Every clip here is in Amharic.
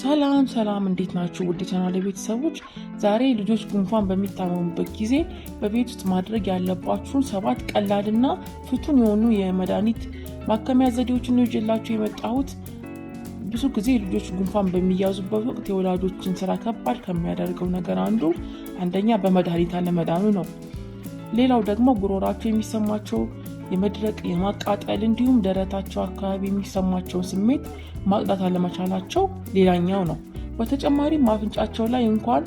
ሰላም ሰላም፣ እንዴት ናችሁ ውድ የቻናል ቤተሰቦች? ዛሬ ልጆች ጉንፋን በሚታመሙበት ጊዜ በቤት ውስጥ ማድረግ ያለባችሁን ሰባት ቀላልና ፍቱን የሆኑ የመድኃኒት ማከሚያ ዘዴዎችን ነው ይዤላችሁ የመጣሁት። ብዙ ጊዜ ልጆች ጉንፋን በሚያዙበት ወቅት የወላጆችን ስራ ከባድ ከሚያደርገው ነገር አንዱ አንደኛ በመድኃኒት አለመዳኑ ነው። ሌላው ደግሞ ጉሮራቸው የሚሰማቸው የመድረቅ የማቃጠል እንዲሁም ደረታቸው አካባቢ የሚሰማቸውን ስሜት ማቅዳት አለመቻላቸው ሌላኛው ነው። በተጨማሪም አፍንጫቸው ላይ እንኳን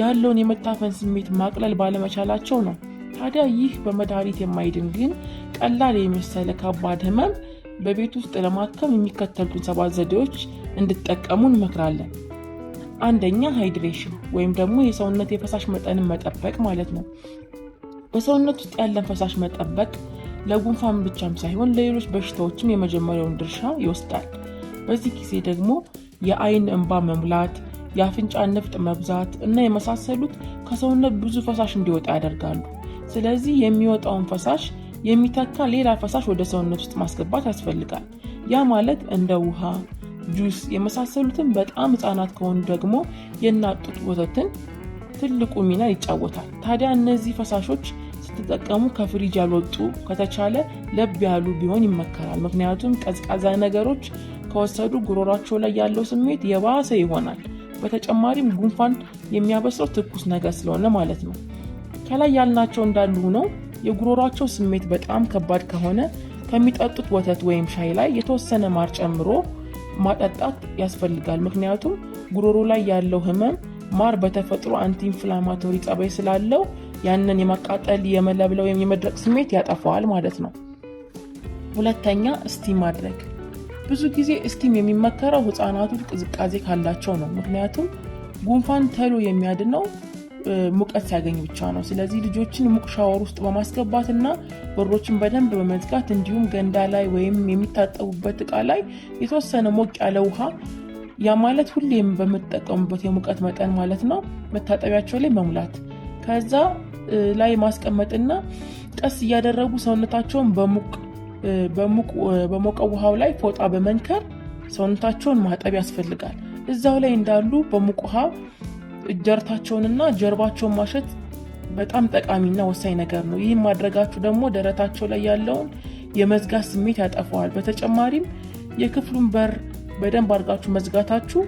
ያለውን የመታፈን ስሜት ማቅለል ባለመቻላቸው ነው። ታዲያ ይህ በመድኃኒት የማይድን ግን ቀላል የመሰለ ከባድ ህመም በቤት ውስጥ ለማከም የሚከተሉትን ሰባት ዘዴዎች እንድጠቀሙ እንመክራለን። አንደኛ ሃይድሬሽን ወይም ደግሞ የሰውነት የፈሳሽ መጠንን መጠበቅ ማለት ነው። በሰውነት ውስጥ ያለን ፈሳሽ መጠበቅ ለጉንፋን ብቻም ሳይሆን ለሌሎች በሽታዎችም የመጀመሪያውን ድርሻ ይወስዳል። በዚህ ጊዜ ደግሞ የአይን እንባ መሙላት፣ የአፍንጫ ንፍጥ መብዛት እና የመሳሰሉት ከሰውነት ብዙ ፈሳሽ እንዲወጣ ያደርጋሉ። ስለዚህ የሚወጣውን ፈሳሽ የሚተካ ሌላ ፈሳሽ ወደ ሰውነት ውስጥ ማስገባት ያስፈልጋል። ያ ማለት እንደ ውሃ፣ ጁስ የመሳሰሉትን በጣም ህጻናት ከሆኑ ደግሞ የእናት ጡት ወተትን ትልቁ ሚና ይጫወታል። ታዲያ እነዚህ ፈሳሾች ስትጠቀሙ ከፍሪጅ ያልወጡ ከተቻለ ለብ ያሉ ቢሆን ይመከራል። ምክንያቱም ቀዝቃዛ ነገሮች ከወሰዱ ጉሮሯቸው ላይ ያለው ስሜት የባሰ ይሆናል። በተጨማሪም ጉንፋን የሚያበስረው ትኩስ ነገር ስለሆነ ማለት ነው። ከላይ ያልናቸው እንዳሉ ነው። የጉሮሯቸው ስሜት በጣም ከባድ ከሆነ ከሚጠጡት ወተት ወይም ሻይ ላይ የተወሰነ ማር ጨምሮ ማጠጣት ያስፈልጋል። ምክንያቱም ጉሮሮ ላይ ያለው ህመም ማር በተፈጥሮ አንቲ ኢንፍላማቶሪ ጸባይ ስላለው ያንን የማቃጠል የመለብለው ወይም የመድረቅ ስሜት ያጠፋዋል ማለት ነው። ሁለተኛ እስቲም ማድረግ። ብዙ ጊዜ እስቲም የሚመከረው ህፃናቱ ቅዝቃዜ ካላቸው ነው። ምክንያቱም ጉንፋን ተሎ የሚያድነው ሙቀት ሲያገኝ ብቻ ነው። ስለዚህ ልጆችን ሙቅ ሻወር ውስጥ በማስገባት እና በሮችን በደንብ በመዝጋት እንዲሁም ገንዳ ላይ ወይም የሚታጠቡበት እቃ ላይ የተወሰነ ሞቅ ያለ ውሃ ያ ማለት ሁሌም በምጠቀሙበት የሙቀት መጠን ማለት ነው መታጠቢያቸው ላይ መሙላት ከዛ ላይ ማስቀመጥና ቀስ እያደረጉ ሰውነታቸውን በሞቀ ውሃው ላይ ፎጣ በመንከር ሰውነታቸውን ማጠብ ያስፈልጋል። እዛው ላይ እንዳሉ በሙቅ ውሃ እጀርታቸውንና ጀርባቸውን ማሸት በጣም ጠቃሚና ወሳኝ ነገር ነው። ይህም ማድረጋችሁ ደግሞ ደረታቸው ላይ ያለውን የመዝጋት ስሜት ያጠፈዋል። በተጨማሪም የክፍሉን በር በደንብ አድርጋችሁ መዝጋታችሁ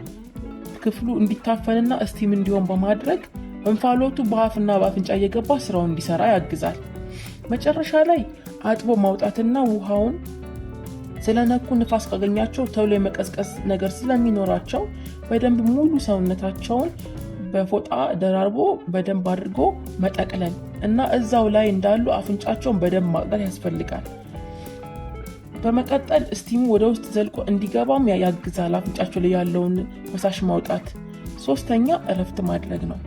ክፍሉ እንዲታፈንና እስቲም እንዲሆን በማድረግ እንፋሎቱ በአፍና በአፍንጫ እየገባ ስራውን እንዲሰራ ያግዛል። መጨረሻ ላይ አጥቦ ማውጣትና ውሃውን ስለነኩ ንፋስ ካገኛቸው ተብሎ የመቀዝቀዝ ነገር ስለሚኖራቸው በደንብ ሙሉ ሰውነታቸውን በፎጣ ደራርቦ በደንብ አድርጎ መጠቅለል እና እዛው ላይ እንዳሉ አፍንጫቸውን በደንብ ማቅጠር ያስፈልጋል። በመቀጠል ስቲሙ ወደ ውስጥ ዘልቆ እንዲገባም ያግዛል። አፍንጫቸው ላይ ያለውን ፈሳሽ ማውጣት። ሶስተኛ እረፍት ማድረግ ነው።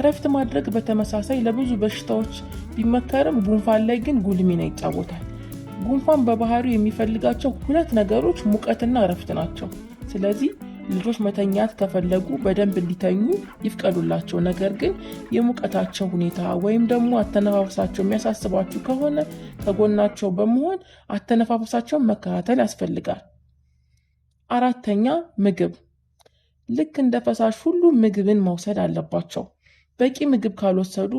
እረፍት ማድረግ በተመሳሳይ ለብዙ በሽታዎች ቢመከርም ጉንፋን ላይ ግን ጉልህ ሚና ይጫወታል። ጉንፋን በባህሪው የሚፈልጋቸው ሁለት ነገሮች ሙቀትና እረፍት ናቸው። ስለዚህ ልጆች መተኛት ከፈለጉ በደንብ እንዲተኙ ይፍቀዱላቸው። ነገር ግን የሙቀታቸው ሁኔታ ወይም ደግሞ አተነፋፈሳቸው የሚያሳስባችሁ ከሆነ ከጎናቸው በመሆን አተነፋፈሳቸውን መከታተል ያስፈልጋል። አራተኛ ምግብ ልክ እንደ ፈሳሽ ሁሉ ምግብን መውሰድ አለባቸው። በቂ ምግብ ካልወሰዱ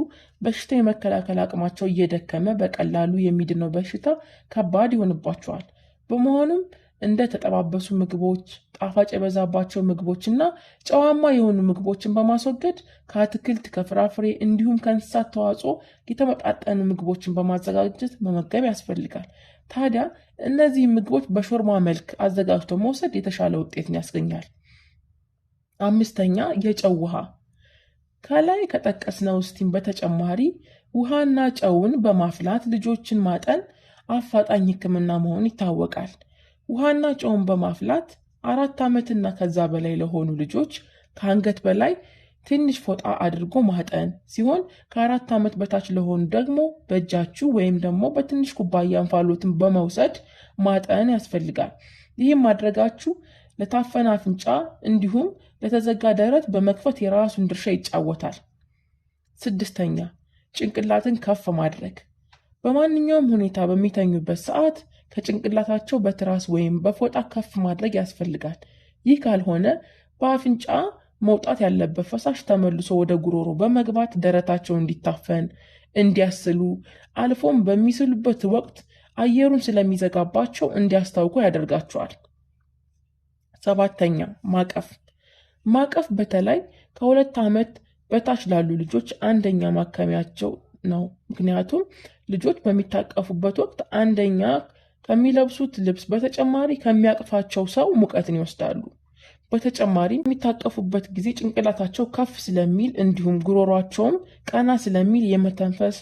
በሽታ የመከላከል አቅማቸው እየደከመ በቀላሉ የሚድነው በሽታ ከባድ ይሆንባቸዋል። በመሆኑም እንደ ተጠባበሱ ምግቦች፣ ጣፋጭ የበዛባቸው ምግቦች እና ጨዋማ የሆኑ ምግቦችን በማስወገድ ከአትክልት ከፍራፍሬ እንዲሁም ከእንስሳት ተዋጽኦ የተመጣጠኑ ምግቦችን በማዘጋጀት መመገብ ያስፈልጋል። ታዲያ እነዚህ ምግቦች በሾርባ መልክ አዘጋጅቶ መውሰድ የተሻለ ውጤትን ያስገኛል። አምስተኛ የጨው ውሃ ከላይ ከጠቀስነው ስቲም በተጨማሪ ውሃና ጨውን በማፍላት ልጆችን ማጠን አፋጣኝ ሕክምና መሆን ይታወቃል። ውሃና ጨውን በማፍላት አራት ዓመትና ከዛ በላይ ለሆኑ ልጆች ከአንገት በላይ ትንሽ ፎጣ አድርጎ ማጠን ሲሆን ከአራት ዓመት በታች ለሆኑ ደግሞ በእጃችሁ ወይም ደግሞ በትንሽ ኩባያ እንፋሎትን በመውሰድ ማጠን ያስፈልጋል። ይህም ማድረጋችሁ ለታፈነ አፍንጫ እንዲሁም ለተዘጋ ደረት በመክፈት የራሱን ድርሻ ይጫወታል። ስድስተኛ ጭንቅላትን ከፍ ማድረግ በማንኛውም ሁኔታ በሚተኙበት ሰዓት ከጭንቅላታቸው በትራስ ወይም በፎጣ ከፍ ማድረግ ያስፈልጋል። ይህ ካልሆነ በአፍንጫ መውጣት ያለበት ፈሳሽ ተመልሶ ወደ ጉሮሮ በመግባት ደረታቸው እንዲታፈን፣ እንዲያስሉ አልፎም በሚስሉበት ወቅት አየሩን ስለሚዘጋባቸው እንዲያስታውቁ ያደርጋቸዋል። ሰባተኛ ማቀፍ ማቀፍ በተለይ ከሁለት ዓመት በታች ላሉ ልጆች አንደኛ ማከሚያቸው ነው። ምክንያቱም ልጆች በሚታቀፉበት ወቅት አንደኛ ከሚለብሱት ልብስ በተጨማሪ ከሚያቅፋቸው ሰው ሙቀትን ይወስዳሉ። በተጨማሪም የሚታቀፉበት ጊዜ ጭንቅላታቸው ከፍ ስለሚል እንዲሁም ጉሮሯቸውም ቀና ስለሚል የመተንፈስ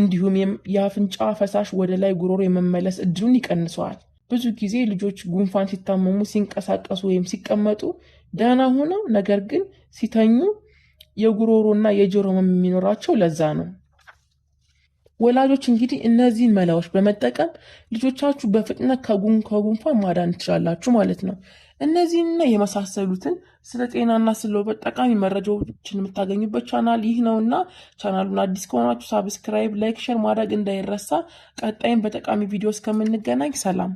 እንዲሁም የአፍንጫ ፈሳሽ ወደ ላይ ጉሮሮ የመመለስ እድሉን ይቀንሰዋል። ብዙ ጊዜ ልጆች ጉንፋን ሲታመሙ ሲንቀሳቀሱ ወይም ሲቀመጡ ደህና ሆነው ነገር ግን ሲተኙ የጉሮሮ እና የጆሮ ህመም የሚኖራቸው ለዛ ነው። ወላጆች እንግዲህ እነዚህን መላዎች በመጠቀም ልጆቻችሁ በፍጥነት ከጉንፋን ማዳን ትችላላችሁ ማለት ነው። እነዚህንና የመሳሰሉትን ስለ ጤናና ስለ ውበት ጠቃሚ መረጃዎችን የምታገኙበት ቻናል ይህ ነው እና ቻናሉን አዲስ ከሆናችሁ ሳብስክራይብ፣ ላይክ፣ ሸር ማድረግ እንዳይረሳ። ቀጣይም በጠቃሚ ቪዲዮ እስከምንገናኝ ሰላም።